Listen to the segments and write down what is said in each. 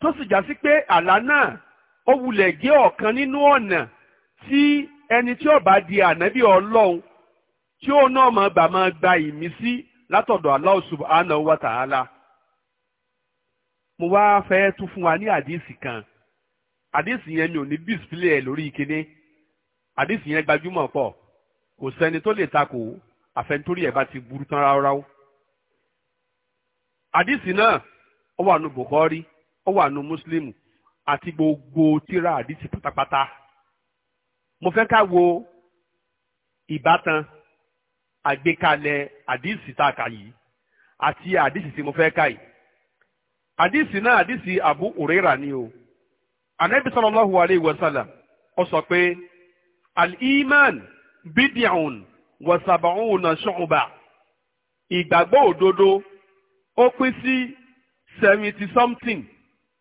tó sì já sí pé àlá náà ó wulẹ̀ jẹ́ ọ̀kan nínú ọ̀nà tí ẹni tí ó bá di ànábì ọlọ́run tí ó náà mọ̀ gbà máa gba ìmísí látọ̀dọ̀ Allah subhanahu wa ta'ala. mo wá fẹ́ tún fún wa ní àdíìsì kan àdíìsì yẹn mi ò ní bísílẹ̀ ẹ̀ lórí ìkíní àdíìsì yẹn gbajúmọ̀ pọ̀ kò sẹ́ni tó lè takò àfẹnitórí ẹ̀ bá ti burú tán ráúráú. àdíìsì náà ó wà nù Bukhari ó wà nù muslim àti gbogbo tíra àdìsí pátápátá mo fẹ́ ká wo ìbátan àgbékalẹ̀ àdìsí tá a kà yìí àti àdìsí tí mo fẹ́ ká yìí àdìsí náà àdìsí Abu Huraira ni o anabi sallallahu alayhi wa sallam ó sọ pé al-iman bid'un wa sab'una shu'ba ìgbàgbọ́ òdodo ó pín sí seventy something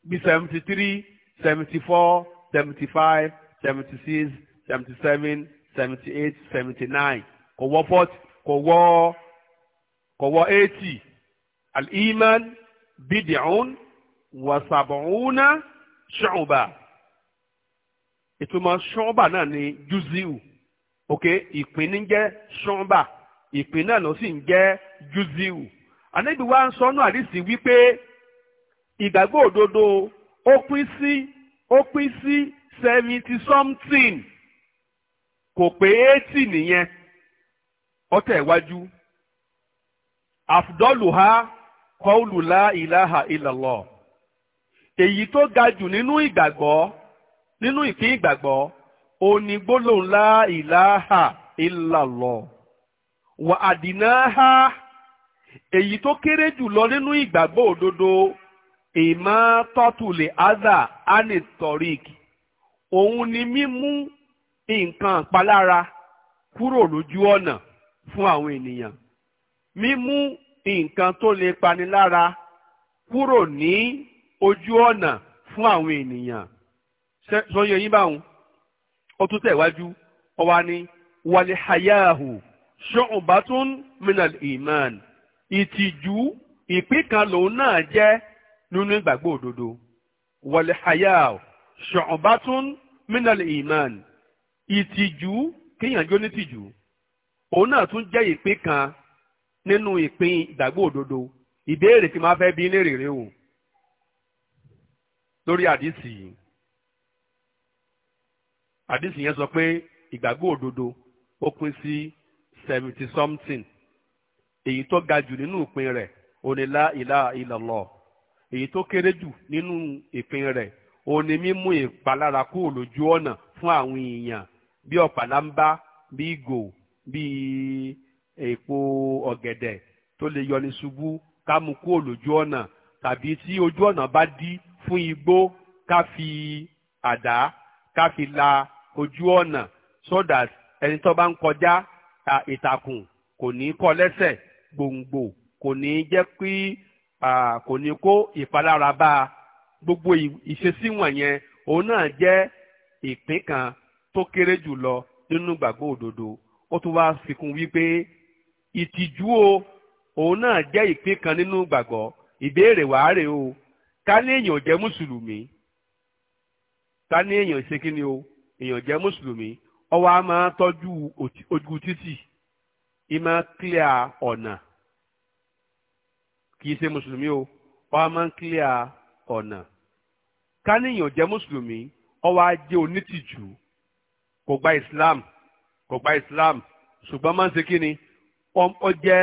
Be seventy three seventy four seventy five seventy six seventy seven seventy eight seventy nine kò wọ forty kò wọ kò wọ eighty al-iman bid'un wa sab'una shu'ba ìtumọ̀ shu'ba náà ni juziu ok ìpín ní jẹ́ shu'ba ìpín náà ló sì ń jẹ́ juziu Ànábì ń sọ ọ́nà àdìsí wípé. ìgbàgbọ́ òdodo ó pín sí ó pín sí seventy something kò pé eighty nìyẹn ọtẹ̀ iwájú àfùdọ́lùhá kọ́ọ̀lùlá ìlàhà ìlàlọ́ èyí tó ga jù nínú ìgbàgbọ́ nínú ìpín ìgbàgbọ́ òní gbólóhùn ìlàhà ìlàlọ́ wà àdínáhà èyí tó kéré jù lọ nínú ìgbàgbọ́ òdodo ìmọ̀ tọ́tùlẹ̀ azà anitorik òun ni mímú nǹkan ìpalára kúrò lójú ọ̀nà fún àwọn ènìyàn mímú nǹkan tó lè panilára kúrò ní ojú ọ̀nà fún àwọn ènìyàn sọyẹ yín báwọn ó tún tẹ̀wájú ó wá ní wàlẹ̀ hayahu ṣọ́ọ̀bátún minal iman ìtìjú ìpín kan lòun náà jẹ́ nínú ìgbàgbọ́ òdodo wàlẹ̀háyà ṣọ̀ọ̀bátún mínàlì ìmán ìtìjú kéèyàn jó ní tìjú òun náà tún jẹ́ ìpín kan nínú ìpín ìgbàgbọ́ òdodo ìbéèrè tí máa fẹ́ bí léèrè o lórí àdìsí àdìsí yẹn sọ pé ìgbàgbọ́ òdodo ó pín sí seventy something èyí tó ga jù nínú ìpín rẹ̀ onílà ìlà ìlọlọ́ọ̀ èyí tó kéré jù nínú ìpín rẹ̀ òun ni mímú ìpalára kúrò lójú ọ̀nà fún àwọn èèyàn bí ọ̀pàlàmbá bí ìgò bí èèpo ọ̀gẹ̀dẹ̀ tó lè yọni ṣubú ká mú kúrò lójú ọ̀nà tàbí tí ojú ọ̀nà bá dí fún igbó ká fi àdá ká fi la ojú ọ̀nà so that ẹni tó bá ń kọjá ìtàkùn kò ní kọ lẹ́sẹ̀ gbòǹgbò kò ní jẹ́ kí kò ní kó ìpalára bá a gbogbo ìṣesí wọ̀nyẹn òun náà jẹ́ ìpín kan tó kéré jù lọ nínú gbàgbọ́ òdodo ó tún wá fi kún wípé ìtìjú o òun náà jẹ́ ìpín kan nínú gbàgbọ́ ìbéèrè wàá rè o ká ní èèyàn jẹ́ mùsùlùmí ká ní èèyàn ṣe kí ni o èèyàn jẹ́ mùsùlùmí ọwọ́ a máa tọ́jú ojú títì ìmọ̀ clear ọ̀nà kì í ṣe mùsùlùmí o wọ́n máa ń kílíà ọ̀nà káníyàn jẹ́ mùsùlùmí ó wá onítìjú kò gba islam kò gba islam ṣùgbọ́n máa ń ṣe kíni ó jẹ́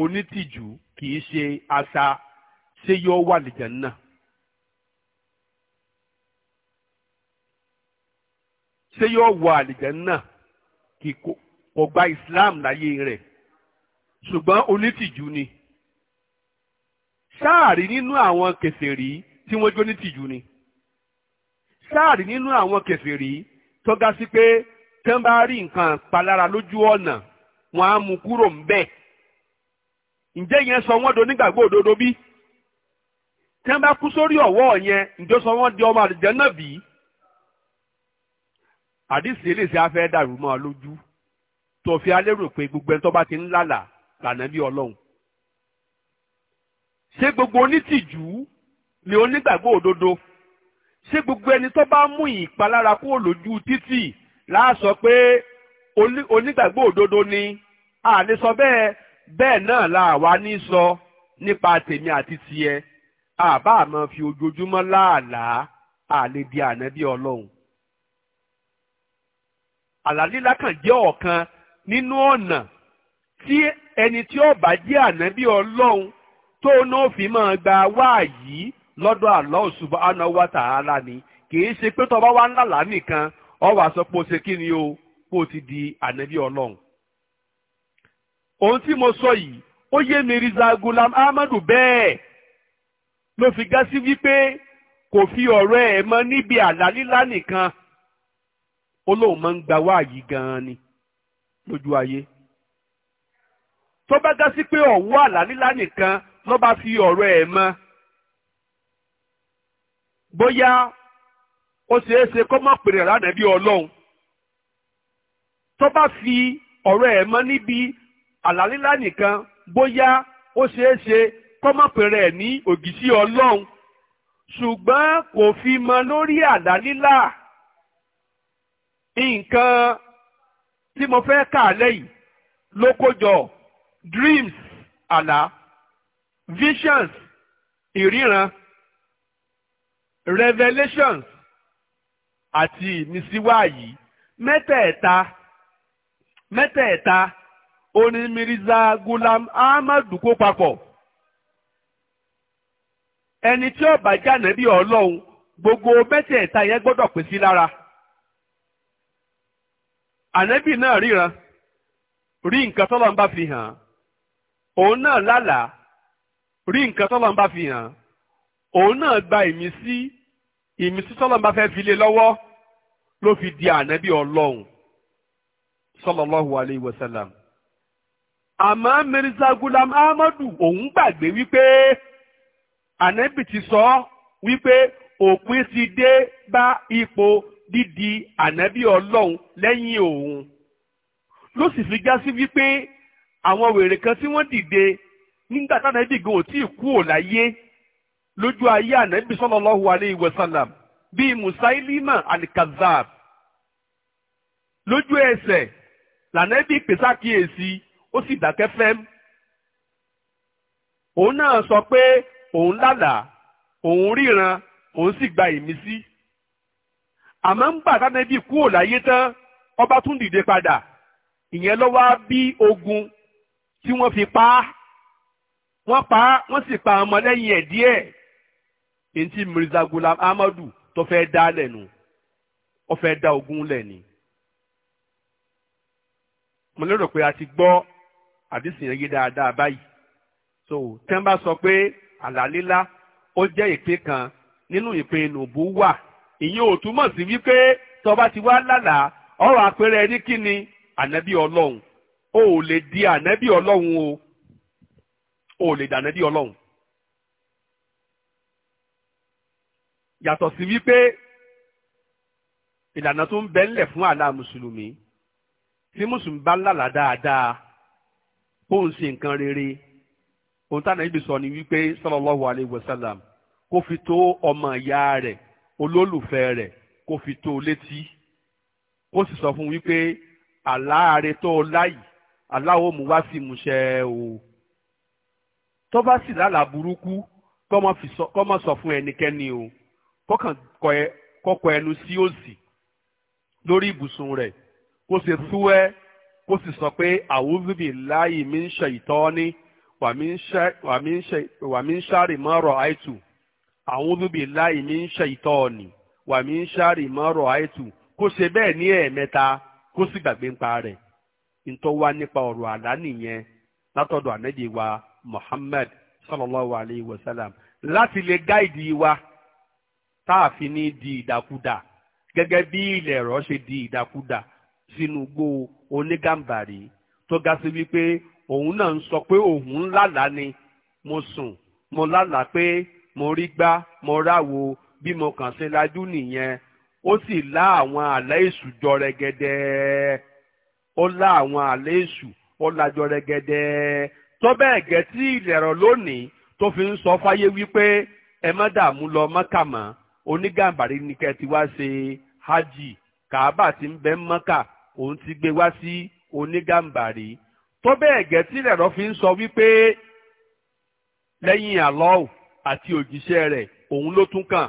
onítìjú kì í ṣe àṣà ṣé yóò wà lìjẹ̀ náà. ṣé yóò wọ àlìjẹ́nnà kò gba islam láyé rẹ̀ ṣùgbọ́n onítìjú ni sáàrí nínú àwọn kèfèrí tí wọ́n jó ní tìjú ni sáàrí nínú àwọn kèfèrí tó ga sí pé tí wọ́n bá rí nǹkan palára lójú ọ̀nà wọ́n á mú kúrò ń bẹ̀ ǹjẹ́ yẹn sọ wọ́n do nígbàgbọ́ òdodo bí tí wọ́n bá kú sórí ọ̀wọ́ yẹn ǹjọ́ sọ wọ́n di ọmọ àdìjẹ́ náà bí àdìsí eléyìí á dàrú mọ́ ọ lójú tó fi alérò pé gbogbo ẹni tó bá ti ń lálàá lànà bí ọlọ́run ṣé gbogbo onítìjú ni onígbàgbọ́ òdodo ṣé gbogbo ẹni tó bá mú ìpalára kúrò lójú títì láàsọ pé onígbàgbọ́ òdodo ni a lè sọ bẹ́ẹ̀ bẹ́ẹ̀ náà la wà ní sọ nípa tèmi àti tiẹ̀ àbá àmọ́ fi ojoojúmọ́ láàlàá a lè di ànábì ọlọ́run. àlá lílá kan jẹ́ ọ̀kan nínú ọ̀nà tí ẹni tí ó bá jẹ́ ànábì ọlọ́run tó náà fi máa gba wáàyí lọ́dọ̀ Allah subhanahu wa ta'ala ni kì í ṣe pé tó bá wá ń lálàá nìkan ọ wàá sọ pé ó ṣe kí ni o pé ó ti di ànábì ọlọ́run. ohun tí mo sọ yìí ó yé Mirza Gulam Ahmadu bẹ́ẹ̀ ló fi gá sí wípé kò fi ọ̀rọ̀ ẹ̀ mọ́ níbi àlá lílá nìkan ó lóun máa ń gba wáàyí gan-an ni lójú ayé tó bá gá sí pé ọ̀wọ́ àlá lílá nìkan ló bá fi ọ̀rọ̀ ẹ̀ mọ́ bóyá ó ṣeé ṣe kó mọ̀ pèrè lánàá bí ọlọ́run tó bá fi ọ̀rọ̀ ẹ̀ mọ́ níbi àlàlílá nìkan bóyá ó ṣeé ṣe kó mọ̀ pèrè ní ògìsí ọlọ́run ṣùgbọ́n kò fi mọ lórí àlàlílá nǹkan tí mo fẹ́ kà lẹ́yìn ló dreams àlá. visions ìríran revelations àti ìmísíwáyí mẹ́tẹ̀ẹ̀ta mẹ́tẹ̀ẹ̀ta oní Mirza Gulam Ahmadu kó papọ̀ ẹni tí ó jáde bí ọlọ́run gbogbo mẹ́tẹ̀ẹ̀ta yẹn gbọ́dọ̀ pín sí lára ànẹ́bì náà ríran rí nǹkan tọ́lọ́ fi hàn òun náà lálàá rí nǹkan tọ́lọ́ ń bá fi hàn òun náà gba ìmísí ìmísí tọ́lọ́ ń bá fẹ́ fi lé lọ́wọ́ ló fi di ànábì ọlọ́run sallallahu alayhi wa sallam. àmọ́ mirza gulam ahmadu òun gbàgbé wípé ànábì ti sọ wípé òpin ti dé bá ipò dídi ànábì ọlọ́run lẹ́yìn òun ló sì fi já sí wípé àwọn wèrè kan tí wọ́n dìde nígbà táwọn ẹbí gan ò tí ì kú ò láyé lójú ayé ànábì sallallahu alayhi wa sallam bíi musailima alikazab lójú ẹsẹ̀ lànàbì pèsè àkíyèsí ó sì dákẹ́ fẹ́m òun náà sọ pé òun lálàá òun ríran òun sì gba ìmísí àmọ́ ń gbà tánẹ́bí kú ò láyé tán ọba tún dìde padà ìyẹn ló bí ogun tí wọ́n fi pa á wọ́n pa wọ́n sì pa ọmọlẹ́yìn ẹ̀ díẹ̀ èyí tí Mirza Gulam Ahmadu tó fẹ́ dá lẹ́nu ó fẹ́ dá ogun lẹ́ni. mo lérò pé a ti gbọ́ àdìsí yẹn yé dáadáa báyìí so tẹ́ ń bá sọ pé àlàlílá ó jẹ́ ìpín kan nínú ìpín nùbú wà ìyẹn ò túmọ̀ sí wípé tọba ti wá lálàá ọ̀rọ̀ àpẹẹrẹ ní kíni ànábì ọlọ́run ó lè di ànábì ọlọ́run o o lè dànà bí ọlọ́run. yàtọ̀ sí wípé ìlànà tó ń bẹ ńlẹ̀ fún àlá mùsùlùmí tí mùsùlùmí bá ń lálàá dáadáa kó ń ṣe nǹkan rere ohun táwọn ibi sọ ni wípé sallallahu alayhi wa sallam kó fi tó ọmọ ìyá rẹ̀ olólùfẹ́ rẹ̀ kó fi tó létí ó sì sọ fún wípé àlá àrètò láyì aláwo mú wá sí ìmúṣẹ o. tó bá sì lálàá burúkú kọ́ sọ fún ẹnikẹ́ni o kọ́kàn kọ́kọ́ ẹnu sí òsì lórí ibùsùn rẹ̀ kó sì tú ẹ́ kó sì sọ pé a'udhu billahi min shaytani wa min sharri ma ra'aytu a'udhu billahi min shaytani wa min sharri ma ra'aytu kó ṣe bẹ́ẹ̀ ní ẹ̀ẹ̀mẹ́ta kó sì gbàgbé ń pa rẹ̀ ntọ́ wá nípa ọ̀rọ̀ àlá nìyẹn látọ̀dọ̀ ànẹ́dẹ̀ Muhammad sallallahu alayhi wa sallam láti lè gáìdì wa tá a fi ní di ìdàkudà gẹ́gẹ́ bí ilẹ̀ ẹ̀rọ ṣe di ìdàkudà sínú igbó onígàmbàrí tó ga sí wípé òun náà ń sọ pé òun lálàá ni mo sùn mo lálàá pé mo rí gbá mo ráwo bí mo kàn ṣe lajú nìyẹn ó sì lá àwọn àlá èṣù jọ rẹ̀gẹ̀dẹ̀ ó lá àwọn àlá èṣù ó lájọ rẹ̀gẹ̀dẹ̀ tó bẹ́ẹ̀ gẹ́ tí ìlẹ̀rọ̀ lónìí tó fi ń sọ fáyé wípé ẹ má dààmú lọ mọ́kà mọ́ onígàmbàrí ni kẹ́ ti wá ṣe hajj kàábà tí ń bẹ mọ́kà òun ti gbé wá sí onígàmbàrí tó bẹ́ẹ̀ gẹ́ tí ìlẹ̀rọ̀ fi ń sọ wípé lẹ́yìn àlọ́ọ̀ àti òjíṣẹ́ rẹ̀ òun ló tún kàn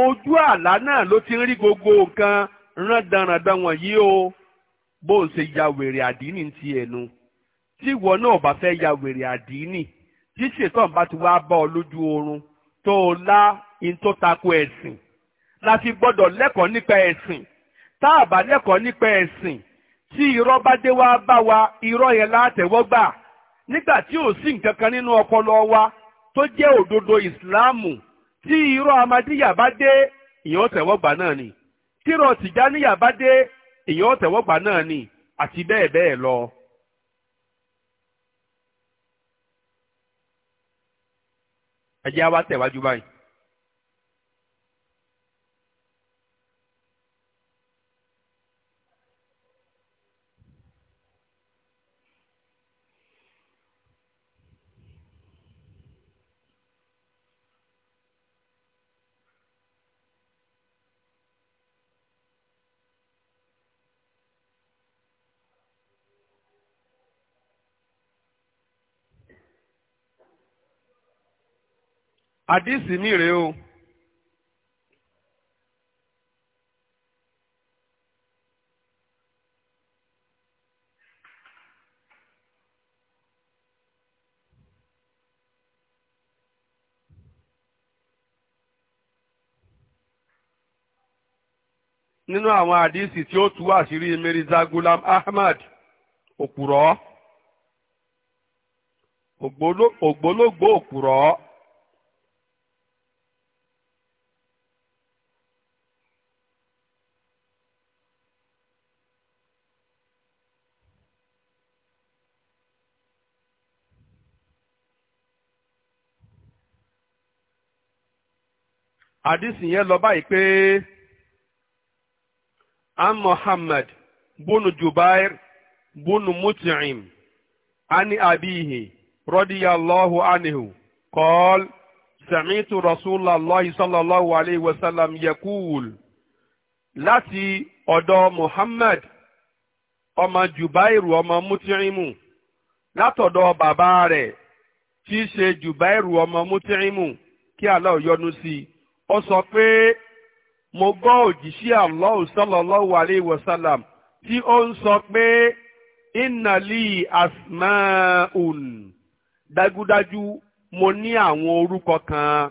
ojú àlá náà ló ti ń rí gbogbo nǹkan rán danrandan wọ̀nyí o bó o ṣe ya wèrè àdínì ti ẹ̀nu. E tí ìwọ náà bá fẹ́ ya wèrè àdínì tí ṣètàn bá ti wá bá ọ lójú oorun tó o lá in tó tako ẹ̀sìn láti gbọ́dọ̀ lẹ́kọ̀ọ́ nípa ẹ̀sìn tá a bá lẹ́kọ̀ọ́ nípa ẹ̀sìn tí irọ́ bá dé wá bá wa irọ́ yẹn látẹ̀wọ́gbà nígbà tí ò sí nǹkan kan nínú ọpọlọ wa tó jẹ́ òdodo ìsìláàmù tí irọ́ amadíyà bá dé ìyẹn ọ̀tẹ̀wọ́gbà náà ni tírọ̀ tìjáníyà bá dé ìyẹn ọ̀tẹ̀wọ́gbà náà ni àti bẹ́ẹ̀ bẹ́ẹ̀ lọ. ẹ jẹ́ wá tẹ̀wájú báyìí. àdìsí mi rèé o. nínú àwọn àdísì tí ó tú àṣírí Mirza Ghulam Ahmad òpùrọ́ ògbólógbò òpùrọ́ àdìsí yẹn lọ báyìí pé an Muhammad bunu Jubair bunu Mut'im ani abihi radiyallahu anihu, qal sami'tu rasulallahi sallallahu alayhi wa sallam yakul láti ọ̀dọ̀ Muhammad ọmọ Jubairu ọmọ Mut'imu látọ̀dọ̀ bàbá rẹ̀ tí í ṣe Jubairu ọmọ Mut'imu kí Allah yọ́nú sí i. ó sọ pé mo gbọ́ òjíṣẹ́ Allah sallallahu alayhi wa sallam tí ó ń sọ pé ìnàlí asmaun dájúdájú mo ní àwọn orúkọ kan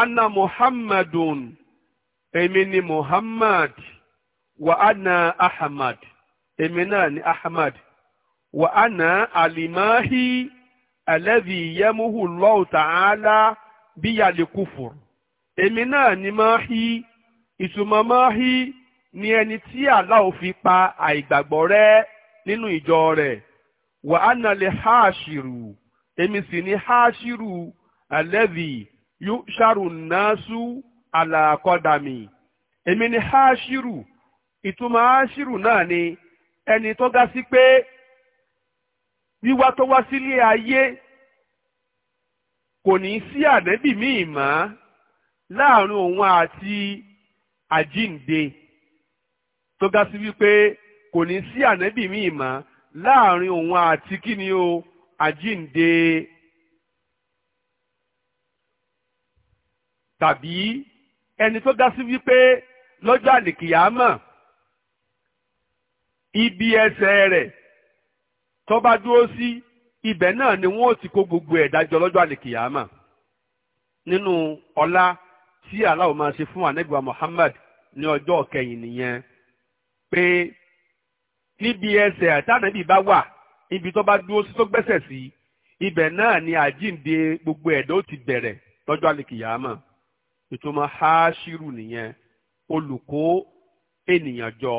anna muhammadun èmi ni muhammad wa anna ahmad èmi náà ni ahmad wa anna alimahi alladhi yamuhu Allah ta'ala bíyà lè kúfùrù. èmi náà ni máa hí ìtumọ̀ máa hí ni ẹni tí Allah fi pa àìgbàgbọ́ rẹ nínú ìjọ rẹ wà á nà lè háàṣìrù èmi sì ni háàṣìrù alẹ́bì yóò ṣàrù náà àlàkọ́dàmì èmi ni háàṣìrù ìtumọ̀ háàṣìrù náà ni ẹni tó ga sí pé wíwá tó wá sílé ayé kò ní sí míì láàrin òun àti àjínde tó ga sí wípé kò ní sí ànábì míì mọ́ láàrin òun àti kíni o àjínde tàbí ẹni tó ga sí wípé lọ́jọ́ àlìkìyámọ̀ ibi ẹsẹ rẹ tó bá dúró sí ibẹ̀ náà ni wọ́n ti kó gbogbo ẹ̀dájọ́ lọ́jọ́ àlìkìyámọ̀ nínú ọlá tí Allah máa ṣe fún anẹ́gbà Muhammad ní ọjọ́ kẹyìn nìyẹn pé níbi ẹsẹ̀ àtànẹ́bì bá wà níbi tó bá dúró sí tó gbẹ́sẹ̀ sí ibẹ̀ náà ni gbogbo ẹ̀dọ́ ti bẹ̀rẹ̀ lọ́jọ́ àlekìyàmọ̀ ìtumọ̀ haṣírù nìyẹn olùkó ènìyàn jọ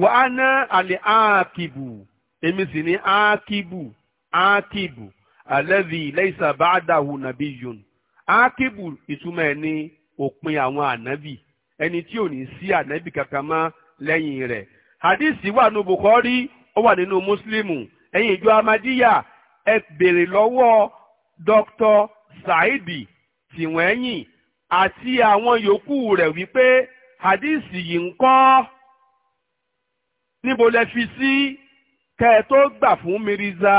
wàá ná àlè áàkìbù èmi sì ní áàkìbù áàkìbù alladhi ákíbù ìtumọ̀ ẹ̀ ní òpin àwọn ànábì ẹni tí ò ní sí ànábì kankan mọ́ lẹ́yìn rẹ̀ hadisi wà nínú bukhari ó wà nínú muslimu ẹ̀yin ìjọ amadiya ẹ béèrè lọ́wọ́ dr saidi tìwẹ́yìn àti àwọn yòókù rẹ̀ wípé hadisi yìí ń kọ́ níbo lẹ fi sí kẹ́ tó gbà fún mirza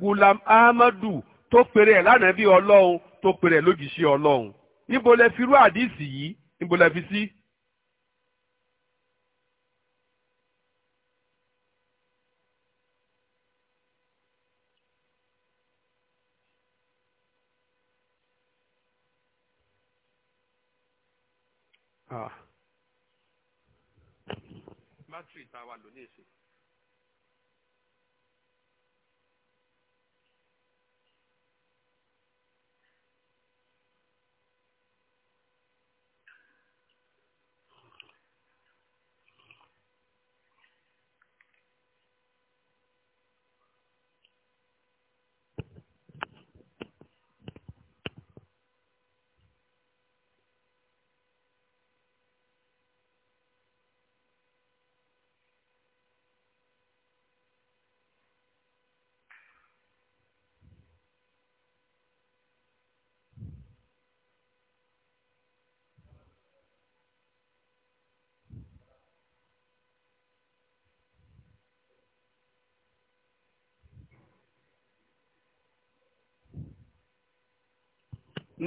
gulam ahmadu tó pèrè ẹ̀ lánàá bí ọlọ́run tó pèrè lójìṣẹ́ ọlọ́run níbo lẹ fi irú àdìsí yìí níbo lẹ fi sí. Ah. bátìrì tá a wà lónìí ìsìn.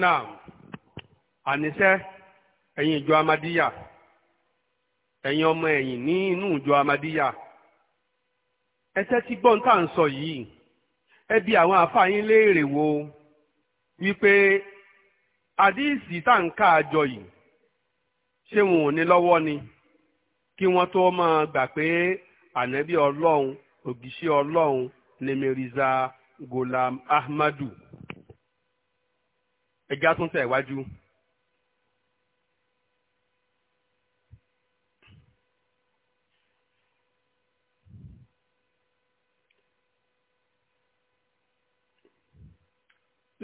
náà àníṣe ẹ̀yin ìjọ amadiya ẹ̀yin ọmọ ẹ̀yìn ní inú ìjọ amadiya ẹ tí gbọ́n tá à ń sọ yìí ẹ àwọn àfààyàn léèrè wo wípé àdíìsì tá à ń yìí ṣé wọn ò ní lọ́wọ́ ni kí wọ́n tó máa gbà pé ànábì Ahmadu. ẹja tún tẹ̀ wájú.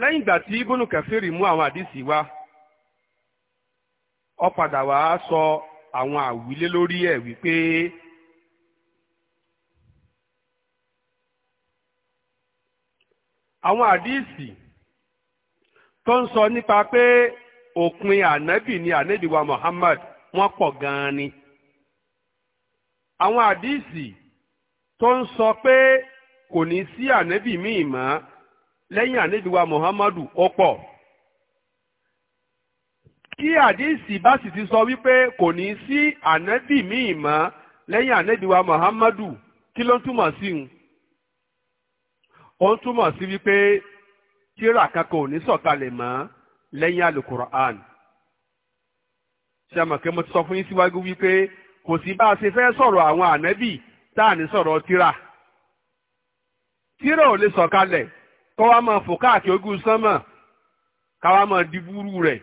lẹ́yìn ìgbà tí ibùnú kẹfìrì mú àwọn àdìsí wá ó padà wá sọ àwọn àwílé lórí ẹ̀ wípé àwọn àdìsí. tó ń sọ nípa pé òpin ànábì ni ànábì Muhammad wọn pọ gan-an ni. àwọn àdìsì tó ń sọ pé kò ní sí ànábì míì mọ́ lẹ́yìn ànábì Muhammadu ó pọ̀ kí àdìsì bá sì ti sọ wípé kò ní sí ànábì míì mọ́ lẹ́yìn ànábì Muhammadu kí ló ń túmọ̀ sí un ó ń túmọ̀ sí wípé tíra kankan ò ní sọ̀kalẹ̀ mọ́ lẹ́yìn alukur'an ṣe àmọ̀ kí mo ti sọ fún yín síwájú wípé kò sí bá a ṣe fẹ́ sọ̀rọ̀ àwọn ànábì tá à ní sọ̀rọ̀ tíra tíra ò lè sọ̀kalẹ̀ kọ́ wa máa fò káàkiri ogun sánmọ̀ ká wa máa di búrú rẹ̀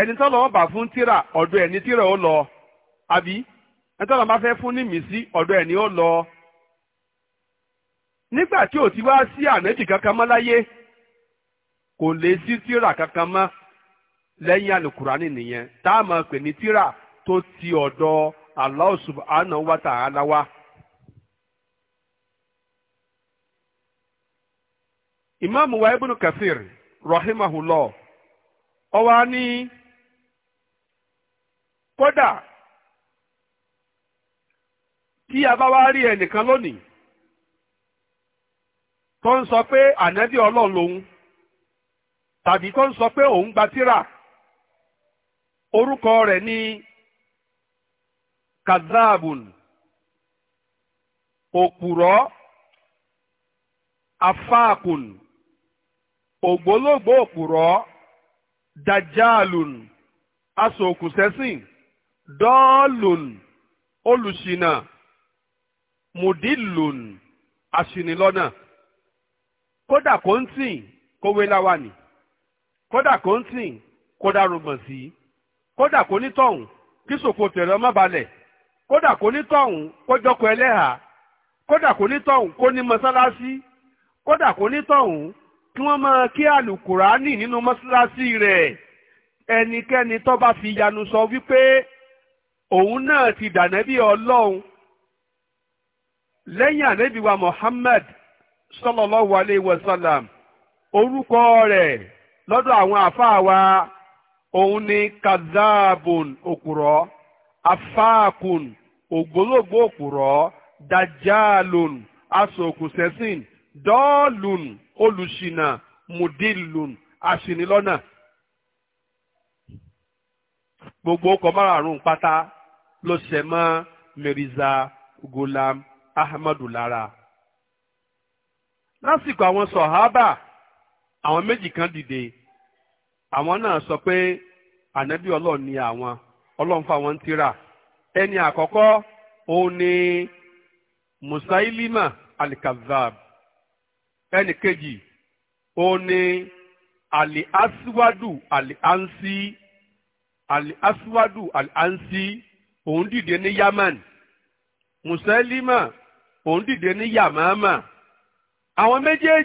ẹni tọ́lọ̀ wọn bá fún tíra ọ̀dọ̀ ẹni tíra ó lọ àbí ẹni tọ́lọ̀ bá fẹ́ fún nímì sí ọ̀dọ̀ ẹni ó lọ nígbà tí ò ti wá sí ànábì kankan mọ́ láyé kò lè sí tíra kankan mọ́ lẹ́yìn alukurani nìyẹn tá a máa pè ní tíra tó ti ọ̀dọ̀ Allah subhanahu wa ta'ala ìmáàmù wa ibùdó Kathir rahimahullah ọwọ́ á ní kódà tí a bá wá rí ẹnìkan lónìí tó ń sọ pé ànábì ọlọ́run lòun. tàbí kó ń sọ pé òun gba tírà orúkọ rẹ̀ ní kazaabun òpùrọ́ afaakun ògbólógbò òpùrọ́ dajaalun asòkùsẹ́sìn dọ́ọ̀lùn olùṣìnà mùdílùn aṣìnilọ́nà kódà kò ń tì kówé láwa ni. kódà kò ń sìn kódà rògbòn sí i kódà kò ní tọ̀hún kí sòfò tẹ̀rẹ̀ ọmọ balẹ̀ kódà kò ní tọ̀hún kó jọkọ ẹlẹ́hà kódà kò ní tọ̀hún kó ní mọ́sálásí kódà kò ní tọ̀hún kí wọ́n máa kí àlùkùránì nínú mọ́sálásí rẹ̀ ẹnikẹ́ni tó bá fi yanu sọ wípé òun náà ti dànẹ́bí ọlọ́run lẹ́yìn ànẹ́bí wa Muhammad sallallahu alayhi wa orúkọ rẹ̀ lọ́dọ̀ àwọn àfáà wa òun ni kazaabun òkùrọ̀ afáàkùn ògbólógbò òkùrọ̀ dajálùn asòkùsẹ́sìn dọ́ọ̀lùn olùṣìnà mùdílùn aṣìnilọ́nà. gbogbo ọkọ̀ márààrún pátá ló ṣẹ mọ́ Mirza Ghulam Ahmadu lára. lásìkò àwọn sọ̀hábà. So àwọn méjì kan dìde àwọn náà sọ pé ànábì ọlọ́run ni àwọn ọlọ́run fáwọn ń tira ẹni àkọ́kọ́ òun ni musailima alikazab ẹni kejì òun ni ali asiwadu ali ansi ali asiwadu ali ansi òun dìde ní yaman musailima òun dìde ní yamama àwọn méjèèjì.